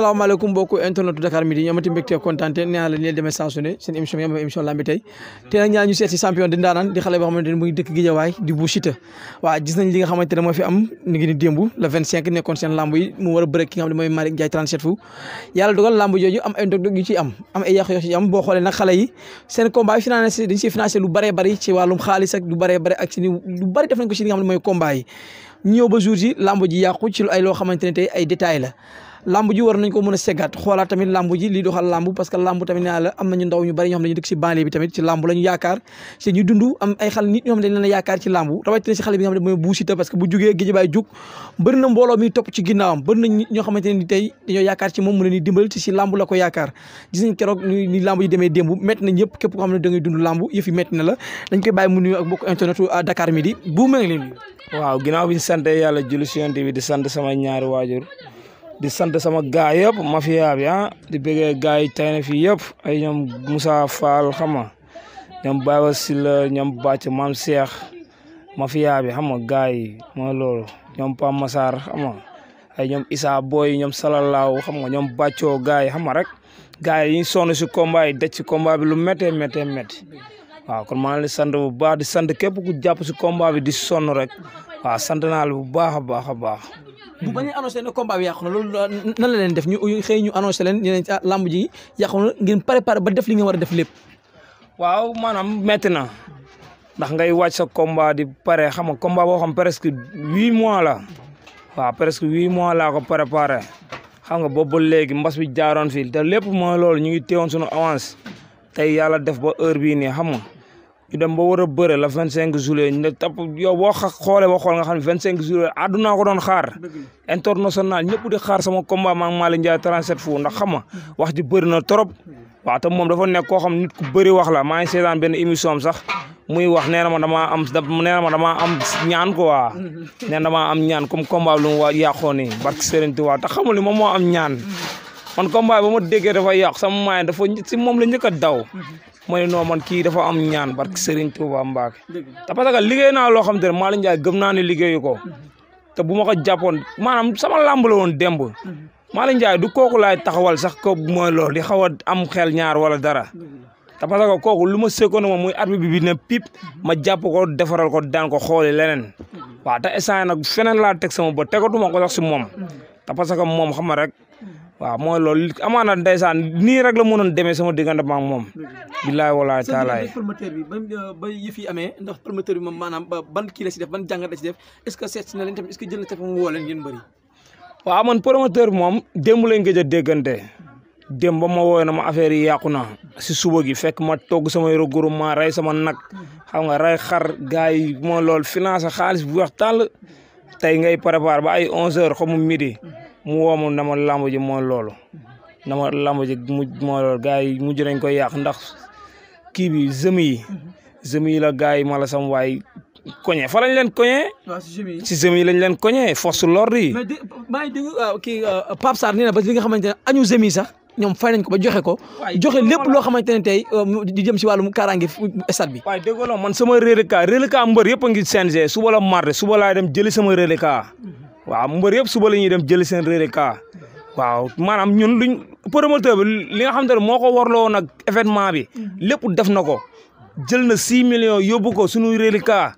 asalaamaaleykum mbokku internet Dakar Midi ñu amati mbégte kontante nee naa la leen demee saa ne seen émission bi am émission lambi tey te nag ñu seet champion di ndaanaan di xale boo xamante ne moo fi am ni ngi ni démb le 25 nekkoon seen lamb yi mu war a bëre ki ne mooy Malick Ndiaye 37 fu yàlla dogal lamb jooju am ay mooy combat yi ñëw ba jour ji lamb ji yàqu ci ay loo xamante ne tey ay détails la lamb ji war nañ ko mën a seggaat xoolaat tamit lamb ji lii doxal lamb parce que lamb tamit nee la am nañu ndaw ñu bari ñoo xam dañu dëkk ñu xam a ne mooy Bou Siteu parce que na la nañ koy bàyyi mu nuyu ak internet à Dakar Midi bu ma ngi leen waaw ginnaaw bi ñu sant yàlla julli si yonent bi di sant sama ñaari waajur di sant sama gaa yëpp mafia bi ah di bëggee gaa yi tey fii yëpp ay ñoom Moussa Fall xam nga ñoom Baba Sylla ñoom Bàcc maam Cheikh mafia bi xam nga gaa yi mooy loolu ñoom Pam Massar xam nga ay ñoom Issa Boy ñoom Salalaaw xam nga ñoom Bàccoo gaa yi xam nga rek gaa yi ñu sonn si combat yi si combat bi lu méttee méttee métti waaw kon maa ngi leen di sant bu baax di sant képp ku jàpp si combat di sonn rek waaw sant naa bu baax a baax a baax. bu bañ a annoncé ne combat bi yàqu na loolu nan la leen def ñu xëy ñu annoncé leen ñu ne ah ji yàqu na ngeen préparé ba def li nga war a def lépp. waaw maanaam métti na ndax ngay wàcc sa combat di pare xam nga combat boo xam presque huit mois la waa presque huit mois la ko préparé xam nga boobu ba léegi mbas bi jaaroon fii te lépp mooy loolu ñu ngi téewoon sunu avance tey yàlla def ba heure bii nii xam nga. ñu dem ba war a bëre la vingt cinq juillet ñu ne tap yow boo xoolee boo xool nga xam ne vingt cinq juillet àdduna ko doon xaar international ñëpp di xaar sama combat maa ngi Malick Ndiaye 37 fu ndax xam nga wax ji bëri na trop waaw te moom dafa nekk koo xam nit bëri wax la maa ngi seetaan benn émission am sax muy wax nee na ma damaa am nee na ma damaa am ñaan quoi nee na damaa am ñaan comme combat lu mu waa yàqoo nii barke Serigne Touba te xamul ni moom moo am ñaan man combat ba ma déggee dafa yàq sama maay dafa si moom la njëkk a daw ma ne non man kii dafa am ñaan barke Serigne Touba Mbacke te parce que liggéey loo xam te ne Malick Ndiaye gëm naa ne liggéeyu ko te bu ma ko jàppoon maanaam sama làmb la woon démb Malick Ndiaye du kooku laay taxawal sax ko mooy di xaw a am xel ñaar wala dara te kooku lu ma sekkoon moom muy arbitre bi bi ne pip ma jàpp ko defaral ko daan ko xooli leneen waaw te instant nag feneen laa teg sama ba tegatuma ko sax si moom te parce que moom xama rek waaw mooy loolu amaana ndeysaan nii rek la mënoon demee sama diggante ak moom. bilaay walaay taalaay promoteur bi ba yëf yi amee ndax promoteur bi moom maanaam ban kii la si def ban jàngat la def est ce que seet na leen tamit est ce que jël na tamit mu bëri. waaw man promoteur bi moom démb lañ gëj a déggante démb ba ma woowee na ma affaire yi yàqu na si suba gi fekk ma togg samay regroupement rey sama nag xam nga rey xar gars yi moo loolu financé xaalis bu wax tàll tey ngay préparé ba ay 11h xamu midi. mu woo na ma làmb ji mooy loolu na ma làmb mu mujj mooy mujj nañ koy yàq ndax kii bi zëmi yi zëmi yi la gars yi ma sam waay koñe fa lañ leen koñe. si zëmi yi lañ leen koñe fos l'ordre yi. mais maa kii euh, Pape Sarr ba li nga xamante ne añu zëmi sax. ñoom fay nañ ko ba joxe ko joxe lépp loo xamante ne tey euh, di jëm si wàllum kaaraange stade bi waaye déggoo man sama reliquat reliquat mbër yëpp a ngi CNG suba la mardi suba laay dem jëli sama reliquat waaw mbër yëpp suba la ñuy dem jël seen réeré kaa waaw maanaam ñun duñ promoteur bi li nga xam te ne moo ko warloo nag événement bi lépp def na ko jël na six million yóbbu ko suñu réeré kaa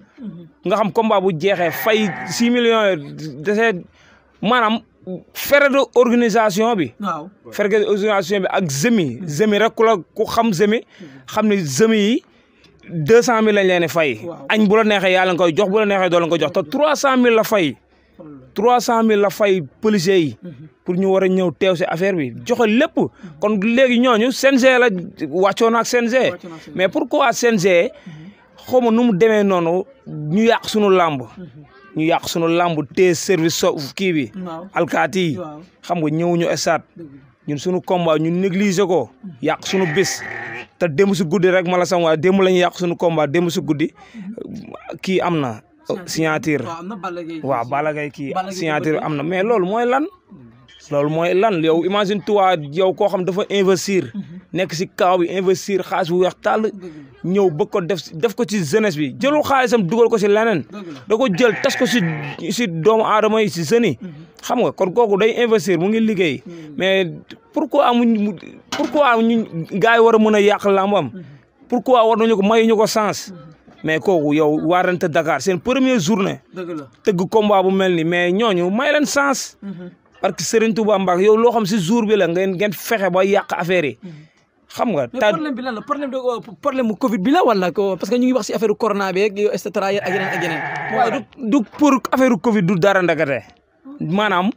nga xam combat bu jeexee fay six millions desee maanaam frais de organisation bi. waaw frais de organisation bi ak zemi zemi rek ku la ku xam zemi xam ni zemi yi deux cent mille lañ leen fay. añ bu la neexee koy jox bu la neexee doo la nga koy jox trois cent mille la fay. trois cent mille la fay policiers yi. pour ñu war a ñëw teew si affaire bi joxe lépp. kon léegi ñooñu CNG la wàccoon ak CNG. pour pourquoi CNG. xaw ma nu mu demee noonu ñu yàq sunu làmb. ñu yàq sunu làmb te service so kii bi. alkaati yi xam nga ñëwuñu estaat ñun sunu combat ñu négliger ko. yàq sunu bis te démb si guddi rek mala la sam waa démb la ñu yàq sunu combat démb si guddi kii am na. Oh, signature waaw Balla Gaye kii am na mais loolu mooy lan loolu mooy lan yow imagine toi yow koo xam dafa investir mhm. nekk si kaaw bi investir xaalis bu weex tàll ñëw bëgg ko def def ko ci jeunesse bi jëlul xaalisam dugal ko si leneen da ko jël tas ko si si doomu aadama yi si jeunes yi mhm. xam nga kon kooku day investir mu ngi liggéey mhm. mais ko amuñ pourquoi ñu gars yi war a mën a yàq làmbam pourquoi war nañu ko may ñu ko sens mais kooku yow waarante Dakar seen premier journée. dëgg la tëgg combat mel ni mais ñooñu may leen sens. Mhm. parce que Serigne Touba yow loo xam si jour bi ngeen ngeen fexe ba yàq affaire yi. Mhm. xam nga ta problème bi lan la problème euh, problème mu Covid bi la parce que ñu ngi wax si affaire corona du pour affaire Covid du dara ndagate maanaam.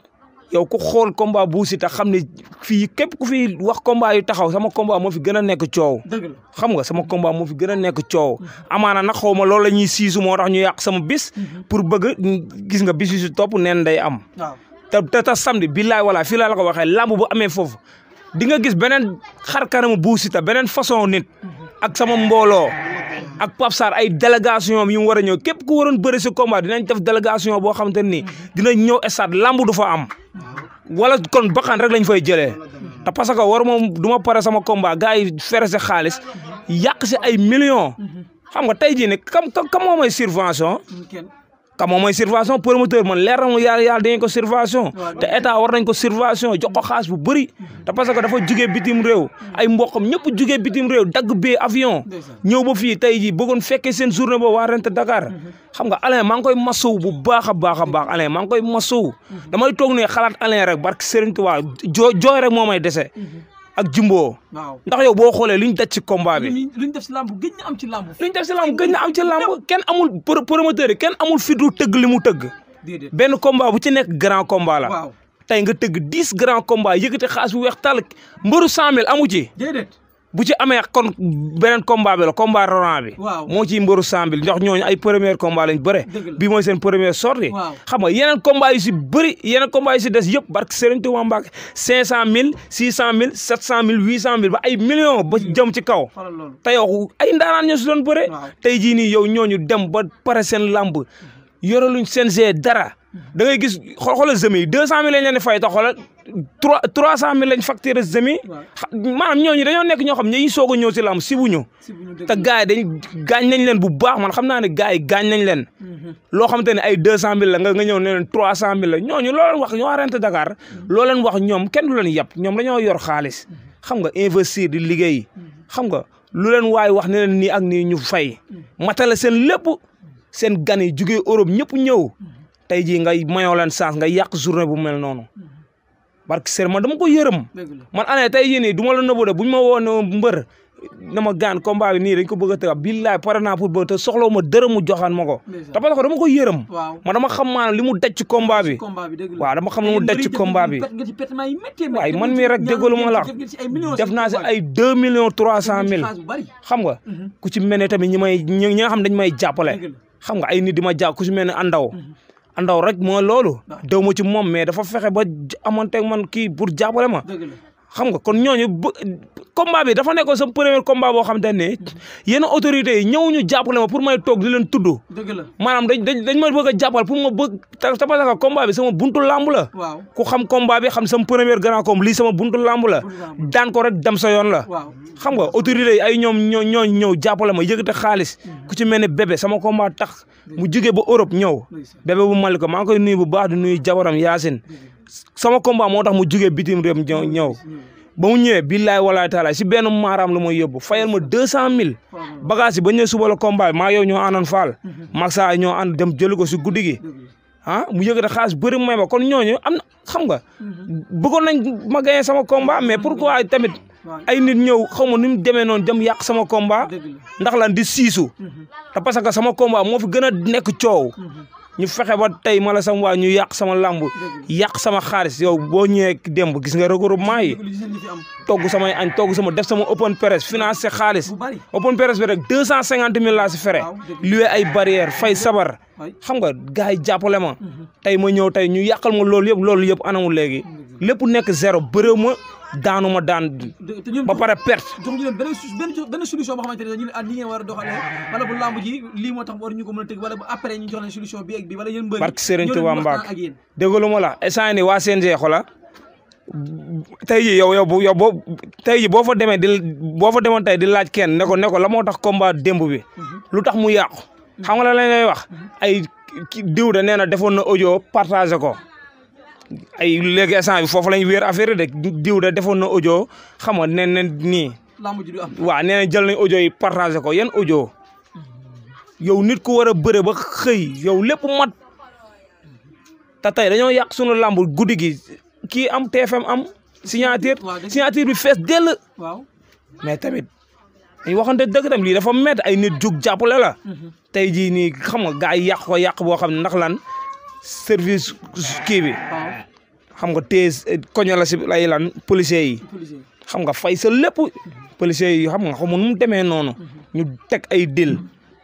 yow ku xool combat Bou Siteu xam ne fii képp ku fi wax combat yu taxaw sama combat moo fi gën a nekk coow. xam nga sama combat moo fi gën a nekk coow. amaana na xaw ma loolu la ñuy siisu moo tax ñu yàq sama bis. Mhm. pour bëgg gis nga bis yu si topp neen day am. te te te samedi billaay wala fii laa la ko waxee lamb bu amee foofu di nga gis beneen xar kanamu Bou Siteu beneen façon nit. Mhm. ak sama mbooloo ak Pape Sarr ay délégation yu mu war a ñëw képp ku waroon bëri si combat dinañ def délégation boo xam te nii dinañ ñëw stade lamb du fa am wala kon bakkan rek lañ fay jëlee te parce que war moom du ma pare sama combat gars yi fere si xaalis yàq si ay millions xam nga tey jii ne kam kam moo may subvention ka moom mooy surveillance promoteur man leer na mu yàlla yàlla ko surveillance te état war nañ ko surveillance jox ko xaas bu bëri te parce que dafa jugee bitim réew ay mboqam ñëpp jugee bitim réew dagg bee avion ñëw ba fii tey jii bëggoon fekkee seen journée boobu waa rent Dakar xam nga Alain maa ngi koy masow bu baax a baax a baax Alain maa ngi koy masow damay toog ne xalaat Alain rek barke Serigne Touba jooy rek moo may dese ak Jumbo. ndax yow boo xoolee luñ daj ci combat bi. luñ def si lamb gëj na am ci lamb. luñ def si lamb gëj na am ci lamb kenn amul promoteur yi kenn amul fit du tëgg li mu tëgg. benn combat bu ci nekk grand combat la. tey nga tëgg dix grand combat yëkkati xaas bu weex tàll mbëru cent mille amu ci. déedéet bu ci amee kon beneen combat bi la combat Laurent bi. moo ciy mbëru sambil ndax ñooñu ay première combat lañ bëre. bi mooy seen première sortie. xam nga yeneen combat yu si bëri yeneen combat yu si des yëpp barke Serigne Touba Mbacke cinq cent mil six cent mille sept cent mille huit cent mille ba ay millions ba jëm ci kaw. te yow ay ndaanaan ñoo si doon bëre. tey jii nii yow ñooñu dem ba pare seen lamb yoraluñ seen dara. Mm-hmm. da ngay gis xool xoolal zëmi deux cent mille lañ leen di fay trois trois cent mille lañ facturé semi. maanaam ñooñu dañoo nekk ñoo xam ñi soog a ñëw si lamb si bu ñu. te dañ gaañ nañ leen bu baax man xam naa ne gars yi gaañ nañ mhm. loo xamante ne ay deux cent mille la nga nga ñëw ne leen trois cent mille la ñooñu loo leen wax ñoo arrêté mhm. loo leen wax ñoom kenn du leen yàpp ñoom dañoo yor xaalis. Mhm. xam nga investir di liggéey. xam nga lu leen waay wax ne leen nii ak nii ñu fay. matale seen lépp seen gan yi jugee Europe ñëpp ñëw. tey jii ngay mayoo leen chance nga yàq journée bu mel noonu barke ser man dama ko yërëm man année tey yéen du ma la nëbbu de buñ ma woon mbër na ma gaan combat nii dañ ko bëgg a tëga billaay pare naa pour bëgg te soxlaw ma dërëmu joxaan ma ko te parce que dama ko yërëm ma dama xam maanaam li mu daj ci combat bi waaw dama xam li mu daj ci combat bi waay man mii rek déggalu ma la def naa si ay deux millions trois cent mille xam nga ku ci mel ne tamit ñi may ñi nga xam dañ may jàppale xam nga ay nit di ma jàpp ku ci mel ne andaw andaw rek moo loolu. daw ma ci moom mais dafa fexe ba amoon teg man kii bur jàppale ma. xam nga kon ñooñu combat bi dafa nekkoon sa premier combat boo xam te ne yenn autorité yi ñëw ñu jàppale ma pour may toog di leen tudd. dëgg la maanaam dañ dañ dañ ma bëgg a jàppal pour ma bëgg ta ta parce que combat sama buntu lamb waaw ku xam combat bi xam sama premier grand combat lii sama buntu lamb la. daan ko rek dem sa yoon la. xam nga autorités yi ay ñoom ñoo ñoo ñëw jàppale ma yëkkate xaalis. Mm-hmm. ku ci mel ne bébé sama combat tax mu jugee ba Europe ñëw. bébé bu Malika maa ngi koy nuyu bu baax di nuyu jabaram Yacine. Mm-hmm. sama combat moo tax mu jugee bitim réew ñëw ñëw ba mu ñëwee billaay walaay taala si benn maaraam la ma yóbbu fayal ma deux cent mille bagage yi ba ñëwee suba la combat bi maa yow ñoo àndoon faal mag saa ñoo ànd dem jëli ko si guddi gi ah mu yëkkati xaalis bëri may ma kon ñooñu am na xam ga bëggoon nañ ma gagné sama combat mais pourquoi tamit ay nit ñëw xaw ma ni mu demee noonu dem yàq sama combat ndax lan di siisu te sama combat moo fi gën a nekk coow ñu fexe ba tey mala sam waa ñu yàq sama làmb yàq sama xaalis yow boo ñëwee demb gis nga regroupement yi togg samay añ togg sama def sama open press financé xaalis open press bi rek deux cent cinquante mille laa si fere luwe ay barrière fay sabar xam nga gars yi jàppale ma tey ma ñëw tey ñu yàqal ma loolu yëpp loolu yëpp anamu léegi lépp nekk zéro bërëw ma daanuma ma daan ba pare perte jox ñu leen benn benn solution boo war a doxalee wala bu lamb ji lii moo tax war ñu a tëgg wala bu après ñu jox leen wala yéen mbëri barke Serigne Touba Mbacke déggalu ma la instant ni waa CNG xola tey ji yow yow yow boo tey ji boo fa demee di boo fa demoon tey di laaj kenn ne ko ne moo tax combat démb bi mhm. lu tax mu yàqu xam nga la lañ wax mhm. ay diw da nee na defoon na ojoo partagé ko ay léegi instant bi foofu lañ weer affaire de diw defoon na audio xam nga nee na nii. lamb ji du jël nañ audio yi partagé ko yan audio. yow nit ku war a bëre ba xëy yow lépp mat te tey dañoo yàq sunu lamb guddi gi kii am TFM am. signature signature bi fees dell. waaw mais tamit. dañu waxante dëgg tam lii dafa métti ay nit jug jàppale la. Mhm. tey jii nii xam nga gars yi yàq ko yàq boo xam ne ndax lan service kii bi. xam nga téye eh, koño la si lay lan policiers yi xam nga fay sa lépp policiers yi xam nga xamu nu mu demee noonu mhm. ñu teg ay dil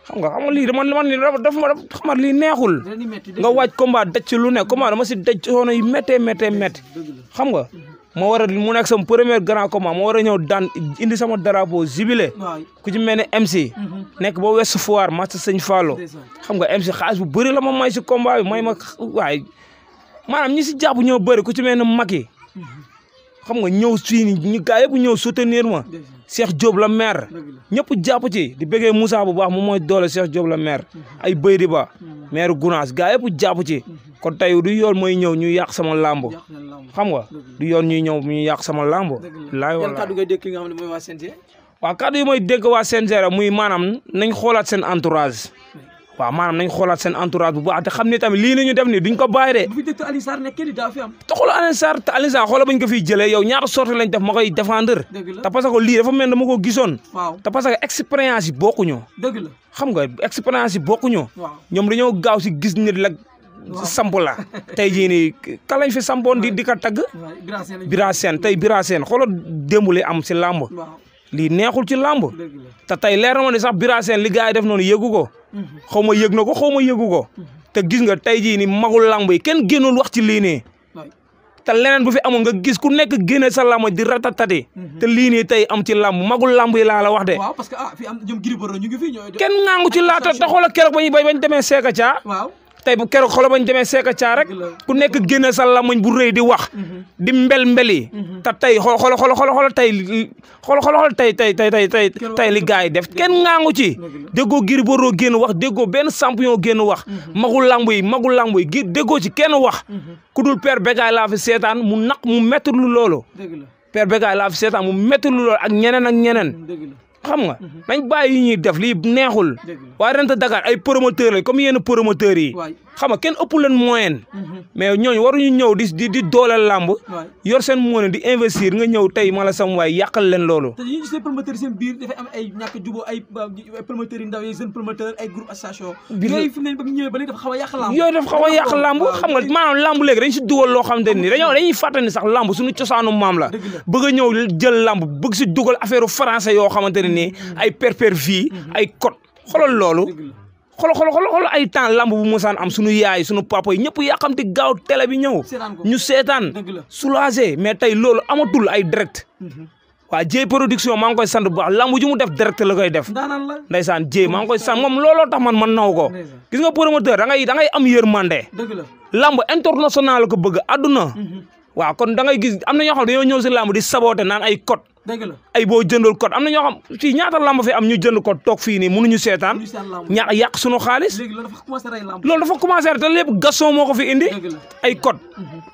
xam nga xam nga lii dama man dafa ma xam lii neexul nga waaj combat daj ci lu ne combat dama si daj coono yi méttee méttee métti xam nga mhm. ma war a mu nekk sama premier grand combat ma war a ñëw daan indi sama drapeau jubilé ku ci mel ne MC mhm. nekk ba Ouest Foire Master Sëñ Fallo xam nga MC xaalis bu bëri la ma may si combat bi may ma waay maanaam ñi si jàpp ñoo bëri ku ci mel ne Macky xam nga ñëw suy ñu gaa yëpp ñëw soutenir ma Cheikh Diop la maire ñëpp jàpp ci di bëggee Moussa bu baax moom mooy doole Cheikh Diop la maire ay Baydi Ba maire Gounass gaa yëpp jàpp ci kon tey di yoon mooy ñëw ñu yàq sama làmb xam nga di yoon ñuy ñëw ñu yàq sama làmb laay wala kàddu ngay dégg nga xam ne mooy waa CNG waaw kàddu yi mooy dégg waa CNG muy maanaam nañ xoolaat seen entourage waaw maanaam nañ xoolaat seen entourage bu baax te xam ne tamit lii nañu def nii duñ ko bàyyi de. bu fi dëkk Alioune Sarr nekk daa fi am. te xoolal Alioune Sarr te Alioune Sarr xoolal bañ ko fiy jëlee yow ñaata sorte lañ def ma koy défendre. te parce que lii dafa mel ne dama ko gisoon. waaw te parce que expérience yi bokkuñoo. dëgg la xam nga expérience yi bokkuñoo. waaw ñoom dañoo gaaw si gis nit la. samp la tey jii nii ka lañ fi sampoon di di ko tagg. Bira Sène tey Bira Sène xoolal démb li am si làmb. lii neexul ci làmb te tey leer na ne sax Bira Sène li gars def noonu yëgu ko mhm. xaw ma yëg na ko xaw ma yëgu ko mhm. te gis nga tey jii ni magul làmb yi kenn génnul wax ci lii nii te leneen bu fi amoon nga gis ku nekk génne sa làmb di ratatati mhm. te lii nii tey am ci làmb magul làmb yi la wax de waaw ah, ñu ngi fi kenn ngaangu ci laata te xoolal keroog bañ bañ demee Seeka Caa tey bu keroog xoolal bañ demee seeka caa rek ku nekk génne sa lamañ bu rëy di wax mhm. di mbel mbeli mhm. te tey xool xool xool xool xool tey xool xool xool tey tey tey tey tey tey li gars yi def kenn ngaangu ci déggoo Gris Bordeaux génn wax déggoo benn champion génn wax mhm. magul lamb yi magul lamb yi gi déggoo ci kenn wax ku dul père Bécaye laa seetaan mu naq mu métti lu loolu père Bécaye laa seetaan mu métti lu loolu ak ñeneen ak ñeneen xam nga mhm. nañ bàyyi yi ñuy def lii neexul waaye rente Dakar ay promoteur la comme yenn promoteurs yi xam nga kenn ëpp leen moyen. Mhm. mais ñooñu waruñu ñëw di di di dooleel làmb. yor seen moyen di investir nga ñëw tey mala sam waay yàqal leen loolu. te ñu gisee promoteur seen am ay ñàkk a jubóo ay promoteurs yu yi jeune promoteur ay groupe association. biir yooyu fi mu ne dafa xaw a yàq làmb. yooyu xaw a xam nga maanaam làmb léegi dañ si dugal loo xamante ni dañoo dañuy fàttali ne sax lamb suñu cosaanu maam la. bëgg a ñëw jël làmb bëgg si dugal affaire français yoo xamante ne nii mhm. ay perpervi mhm. ay code xoolal loolu xolo xolo xolo ay temps lamb bu mosaan am suñu yaay suñu papa yi ñëpp yàqamti gaaw télé bi ñëw ñu seetaan soulagé mais tey loolu amatul ay direct mhm. waa Dieye production maa ngi koy sant bu baax lamb ji mu def direct la koy def ndeysaan Dieye maa ngi koy sant moom looloo tax man man naw ko gis nga promoteur da ngay da ngay am yërmande lamb international ko bëgg adduna mhm. waaw kon da ngay gis am na ñoo xam dañoo ñëw si lamb di saboté naan ay code dëgg la ay boo jëndul code am na ñoo xam fii ñaata lamb fi am ñu jënd code toog fii nii mënuñu seetaan ña yàq sunu xaalis loolu dafa commencé te lépp gasson moo ko fi indi ay code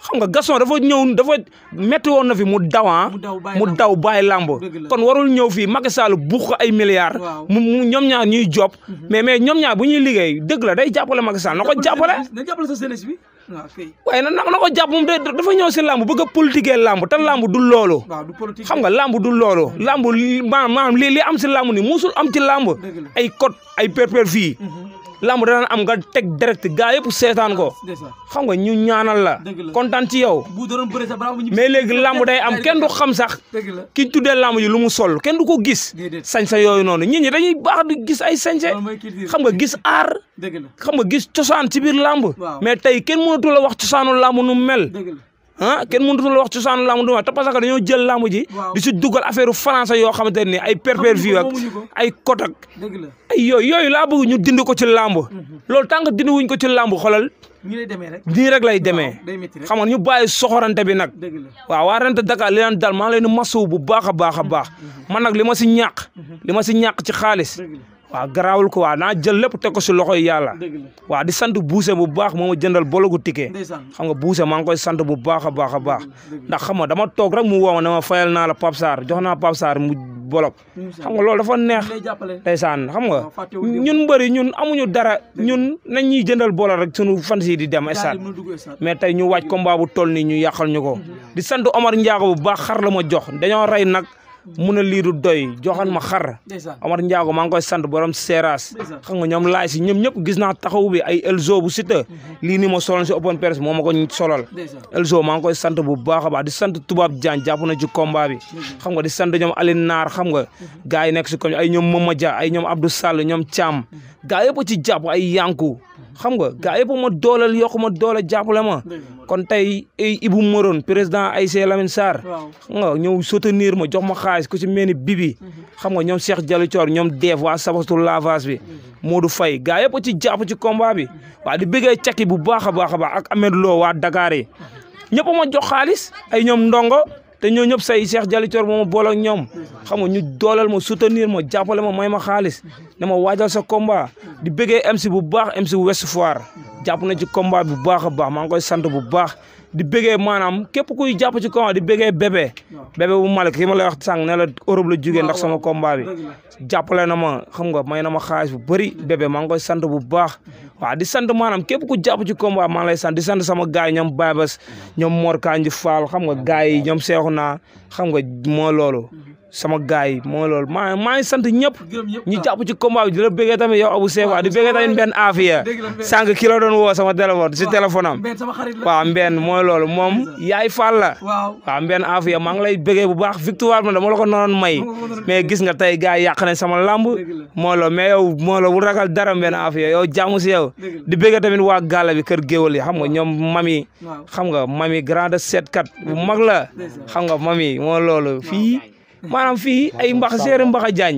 xam nga gasson dafa ñëw dafa métti woon na fi mu dawan ah. mu daw bàyyi lamb kon warul ñëw fii Macky Sall buux ko ay milliards mu ñoom ñaar ñuy job mhm. mais mais ñoom ñaar bu ñuy liggéey dëgg la day jàppale Macky Sall na ko jàppale waaye nag na ko jàpp moom dafa ñëw si làmb bëgg a politiquer làmb te làmb du loolu xam nga làmb du loolu làmb maanaam lii li am si làmb ni musul am ci làmb ay code ay perper fii mhm. lamb danaan am nga teg direct gaa yëpp seetaan ko xam nga ñu ñaanal la kontaan ci yow mais léegi lamb day am kenn du xam sax ki dee lamb yi lu mu sol kenn du ko gis sañse yooyu noonu ñit ñi dañuy baax di gis ay sañse xam nga gis aar xam nga gis cosaan ci biir lamb mais tey kenn mënatu la wax cosaanu lamb nu mel ah kenn mënutul wax cosaanu laamu duma te parce que dañoo jël laamu ji. di si dugal affaire français yoo xamante ni ay pay-per-view ak ay cote ak ay yooyu yooyu laa bëgg ñu dindi ko ci làmb mhm. loolu tant que dindi wuñ ko ci làmb xoolal. nii rek lay demee xam nga ñu bàyyi soxorante bi nag waaw waa rente Dakar li leen dal maa leen masawu bu baax a baax a baax mhm. man nag li ma si ñàq mhm. li ma si ñàq ci xaalis waaw garaawul ko waaw naa jël lépp teg ko si loxoy yàlla waaw di sant buuse bu baax moo ma jëndal bologu ticket xam nga buuse maa ngi koy sant bu baax a baax a baax ndax xam nga dama toog rek mu woo ma ne ma fayal naa la Pape Sarr jox naa Pape Sarr mu bolog xam nga loolu dafa neex ndeysaan xam nga ñun mbëri ñun amuñu dara ñun nañ ñuy jëndal bolo rek sunu fan si di dem stade mais tey ñu waaj combat bu tol ni ñu yàqal ñu ko di sant Omar Ndiago bu baax ma jox dañoo rey nag mun ne lii du doy joxoon ma xar Omar Ndiago maa ngi koy sant borom seeraas xam nga ñoom laay si ñoom ñëpp gis naa taxaw bi ay elzo bu sita mhm. lii ni ma solon si open press moo ma ko solol elzo maa ngi koy sant bu baax a baax di sant tubaab jaan jàpp na ci combat bi xam nga di sant ñoom Alioune Naar xam nga mhm. gars yi nekk si comme ay ñoom Mama Dia ay ñoom Abdou sal ñoom Thiam mhm. gars yëpp ci jàpp ay yanku xam nga gaa yëpp ma dooleel yokku ma doole jàppale ma kon tey Ibou Morone président Aïssé Lamine Sarr xam nga ñëw soutenir ma jox ma xaalis ku ci mel ni Bibi mhm. xam nga ñoom Cheikh Diallo Thior ñoom Deef waa sabatu lavage bi mhm. du fay gaa yëpp ci jàpp ci combat bi mhm. waa di bëggee cakki bu baax a baax a baax ak Ahmed Lo waa Dakar yi ma jox xaalis ay ñoom ndongo te ñoo ñëpp say Cheikh Jali Coor moo ma boole ak ñoom xam nga ñu dooleel ma soutenir ma jàppale ma may ma xaalis ne ma waajal sa combat di bëggee MC bu baax MC West Foire jàpp na ci combat bu baax a baax maa ngi koy sant bu baax di bëggee maanaam képp kuy jàpp ci combat di bëggee bébé bébé bu Malick ki ma lay wax sànq ne la Europe la jógee ndax sama combat bi na ma xam nga may na ma xaalis bu bëri bébé maa ngi bu baax waaw di sant maanaam képp ku jàpp ci combat maa ngi lay sant di sant sama gaay yi ñoom Babas ñoom Mor Kanji Fall xam nga gaay yi ñoom seexu naa xam nga moo loolu sama gars yi mooy loolu maa maa ngi sant ñëpp ñu jàpp ci combat bi di la bëggee tamit yow Abou di bëggee tamit Mbène Afia sànq doon woo sama téléphone si téléphone am waaw Mbène mooy loolu moom yaay Fall la waaw Mbène Afia maa ngi lay bëggee bu baax victoire bi dama la ko noonu may mais gis nga tey gars yi yàq nañ sama lamb mooy loolu mais yow mooy loolu bu ragal dara Mbène Afia yow jàmm si yow di bëggee tamit waa gàlla bi kër géwal yi xam nga ñoom mami xam nga mami grande seetkat bu mag la xam nga maanaam fii ay mbax séeréer mbax a jaañ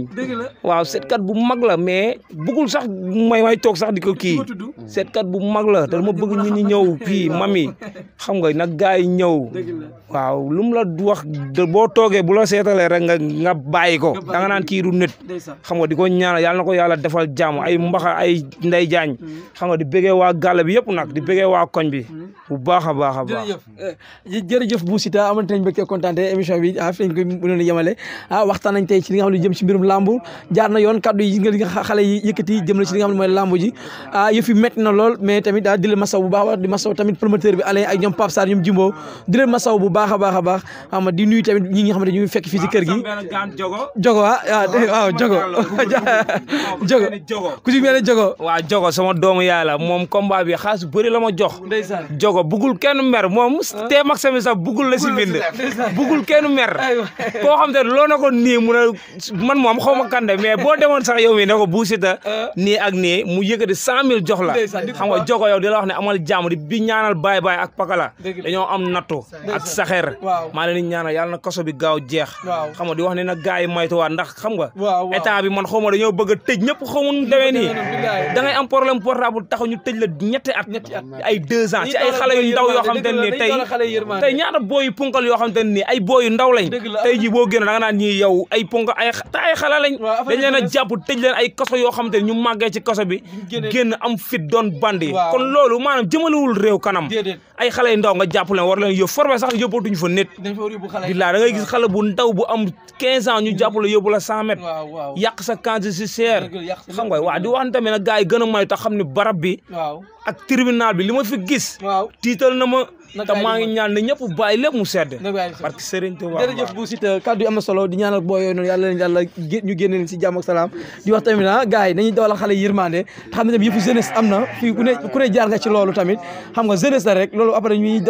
waaw seetkat bu mag la mais bëggul sax may may toog sax di ko kii mm. seetkat bu mag la ma bëgg ñu ñu ñëw fii mami xam nga nag gars yi ñëw waaw lu mu la wax boo toogee bu la seetalee rek nga nga bàyyi ko da nga naan kii du nit xam nga di ko ñaanal yàlla na ko yàlla defal jàmm ay mbaxa ay nday jaañ mm. xam nga di bëggee waa gàll bi yëpp nag di bëggee waa koñ bi mm. bu baax a baax a baax jërëjëf eh, Bou Siteu amante nañ mbégte bi ah fi ah waxtaan nañ tey ci li nga xam ne jëm ci mbirum làmb jaar na yoon kaddu yi nga li nga xale yi yëkkati jëm na ci li nga xam ne mooy làmb a ah yëf lool mais tamit ah, di leen masaw bu baax a di masaw di leen masaw baax a a baax xam nga di nuyu ñi nga xam ne ñu fekk fii ci kër gi jogo ah, ah waaw jogo jogo ku ci mel ne jogo waaw jogo sama doomu yaay moom combat bi xaalis bëri la ma jox jogo bugul kenn mer moom ah. tee mag sami sax bugul la si bind bugul kenn mer koo xam te loo na moom xaw ma kande mais boo demoon sax yow mi ne ko euh. nii ak nii mu yëkkati cent mille jox la xam nga jox ko yow di la wax ne amal jàmm di bi ñaanal baay baay ak pakala dañoo am nattu ak saxeer maa leen di ñaanal yàlla na kaso bi gaaw jeex xam nga di wax ne na gars yi maytuwaat ndax xam nga état bi man xaw ma dañoo bëgg a tëj ñëpp xaw ma nii da ngay am problème portable taxu ñu tëj la ñetti at ay deux ans ci ay xale yu ndaw yoo xam te ne nii tey tey ñaata booyu da nga naan ñii yow ay ponk ay te ay xale lañ dañ leen a jàpp tëj leen ay kaso yoo xam te ñu màggee ci kaso bi génn am fit doon bandi kon loolu maanaam jëmalewul réew kanam ay xale yu nga jàpp leen war leen yóbbu sax yóbbatuñ fa nit billaa da ngay gis xale bu ndaw bu am quinze ans ñu jàpp la yóbbu la cent mètres yàq si seer xam nga waaw di wax ne tamit nag gars a may tax xam ne barab bi ak tribunal bi li fi gis tiital na ma te maa ngi ñaan ne ñëpp bàyyi lépp mu sedd kaddu yi am na solo di ñaanal boo yooyu noonu yàlla leen yàlla ñu génne si jàmm salaam di wax tamit ah gars yi nañu xale yërmande xam na fii ku ne ku loolu tamit xam nga jeunesse la rek loolu après ñuy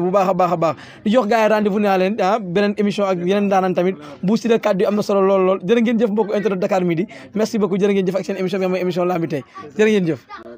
bu baax a baax a baax di jox gars yi ah, beneen émission ak yeneen tamit bu Siteu kaddu yi am na solo lool lool jërë jëf mbokk internet Dakar Midi merci beaucoup jërë jëf ak seen émission bi mooy émission Lambi tey jëf